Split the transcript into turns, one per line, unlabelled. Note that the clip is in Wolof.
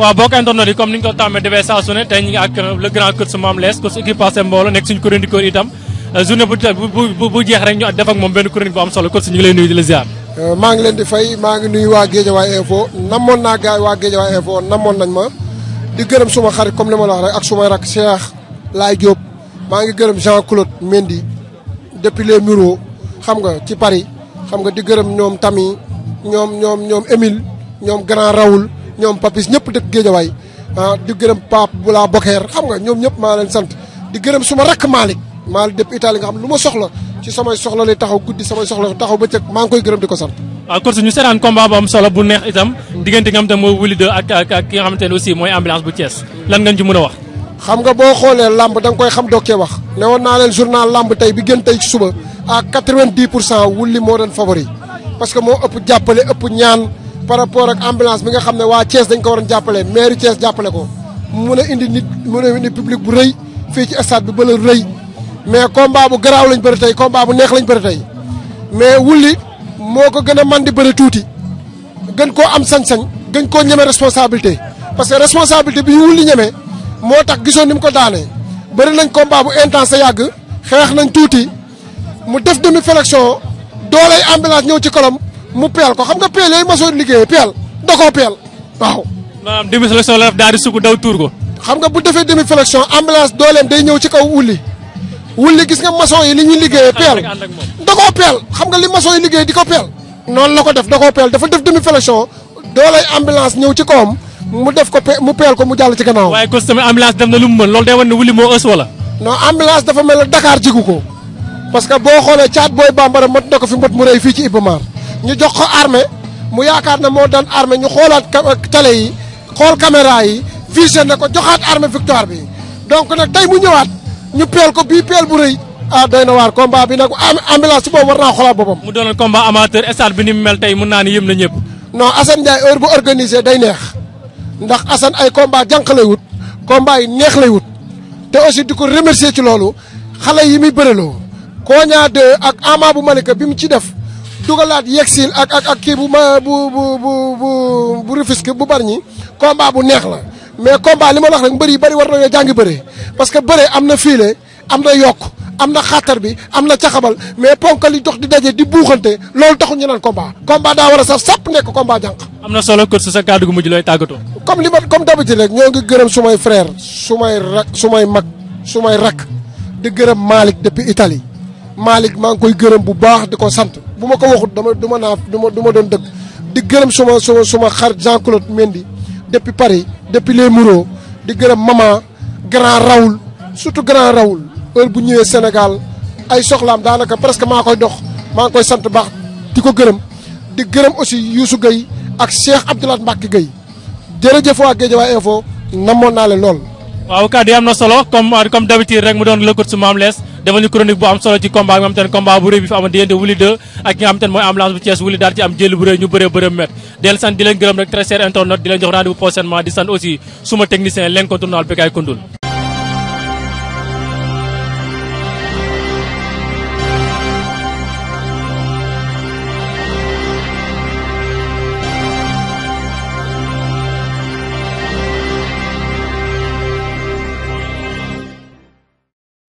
wa bokk internet yi comme ni ko tamé defee saa su tay ñi ak le grand coach mom les coach équipe passé mbooloo nekk suñu chroniqueur itam journée bu bu bu jeex rek ñu def ak mom ben courant bu am solo coach ñu lay nuyu di ziar
eh, ma ngi di fay ma ngi nuyu gédja wa info namon na gaay gédja wa info namon nañ ma di gërëm suma xarit comme li la wax rek ak suma rak Cheikh lay Diop ma ngi gërëm Jean Claude mendi depuis les muros xam nga ci Paris xam nga di gërëm ñom Tami ñom ñom ñom emile ñom grand Raoul ñoom papis ñëpp dëkk géejawaay ah di gërëm Pape bu laa Bokeer xam nga ñoom ñëpp maa leen sant di gërëm suma rakk Malick Malick depuis Italie nga xam lu ma soxla ci samay soxla lay taxaw guddi samay soxla taxaw bëccëg maa ngi koy gërëm di ko sant waaw ah, am solo bu
neex itam diggante nga ak ki nga xamante ne aussi mooy ambulance bu Thiès lan nga ci mën a wax
xoolee lamb da nga koy xam dokkee wax ne woon naa leen journal lamb tey bi gën tey ci suba à wulli moo doon favori parce que moo ëpp jàppale ëpp ñaan par rapport ak ambulance bi nga xam ne waa Thiès dañ ko waroon jàppale maire Thiès jàppale ko mu mën a indi nit mu mën a indi public bu rëy fii ci stade bi bële rëy mais combat bu garaaw lañ bëri tey combat bu neex lañ bëri tey mais wulli moo ko gën a man di bëri tuuti gën koo am sañ-sañ gën koo ñeme responsabilité parce que responsabilité bi ñu wulli ñeme moo tax gisoo ni mu ko daanee bëri nañ combat bu sa yàgg xeex nañ tuuti mu def demi flexion doolay ambulance ñëw ci kolom mu peel ko xam nga peel yooyu masoon liggéeyee peel da koo peel waaw.
maanaam demi flexion la def daal sukk daw tuur ko.
xam nga bu defee demi flexion ambulance dooleem day ñëw ci kaw wulli wulli gis nga maçon yi li ñuy liggéeyee peel da koo peel xam nga li maçon yi liggéey di ko peel noonu la ko def da koo peel dafa def demi flexion doolay ambulance ñëw ci kawam mu def ko mu peel ko mu jàll ci gannaaw waaye kon sama ambulance def na lu mu mën loolu day wan mel ne Dakar jigu ko que boo xoolee caat booy bambara ko fi mbot mu fii ci Ibamar ñu jox ko armée mu yaakaar ne moo daan armée ñu xoolaat télé yi xool caméra yi visé na ko joxaat armée victoire bi donc nag tey mu ñëwaat ñu peel ko bii peel bu rëy ah na waar combat bi nag ambulance si boobu war naa xoolaat boppam.
mu doon combat amateur stade bi ni mu mel tey mun naa ni na ñëpp.
non asan Ndiaye heure bu organisé day neex ndax Assane ay combat jànq lay wut combat yi neex lay wut te aussi di ko remercier ci loolu xale yi muy bëreloo. Koña ak Ama bu Malika bi mu ci def dugalaat yegsin ak ak ak kii bu ma bu bu bu bu Rufisque bu bari ñi combat bu neex la mais combat li ma wax rek mbër yi bëri war nañoo jàngi bëre parce que bëre am na fiile am na yokk am na xàttar bi am na caxabal mais ponk li jox di daje di buuxante loolu taxu ñu naan combat combat daa war a saf sàpp nekk combat jànq.
am na solo kër sa kàddu gu mujj looy tàggatoo.
comme li ma comme d'habitude rek ñoo ngi gërëm sumay frère sumay rak sumay mag su may rakk di gërëm Malick depuis Italie Malick maa ngi koy gërëm bu baax di ko sant. bu ma ko waxut dama du ma naa du ma du doon dëgg di gërëm suma suma suma xar Jean Claude Mendy depuis Paris depuis les Mureaux di gërëm maman grand Raoul surtout grand Raoul heure bu ñëwee Sénégal ay soxlaam daanaka presque maa koy dox maa ngi koy sant baax di ko gërëm di gërëm aussi Youssou Gueye ak Cheikh Abdoulaye Mbacke Gueye jërëjëf waa Guédiawaye info namoon naa leen lool. waaw
kàddu yi am na solo comme comme d'habitude rek mu doon lëkkat su Mame Less defal ñu chronique bu am solo ci combat bi nga xam bu rëy bi fi amoon diggante Wouly 2 ak ki nga xam te ne mooy ambulance bu Thiès Wouly daal ci am jël bu rëy ñu bëree bërëm met di sant di leen gërëm rek très cher di leen jox rendez-vous prochainement di sant aussi suma technicien l'incontournable Bekay Koundoul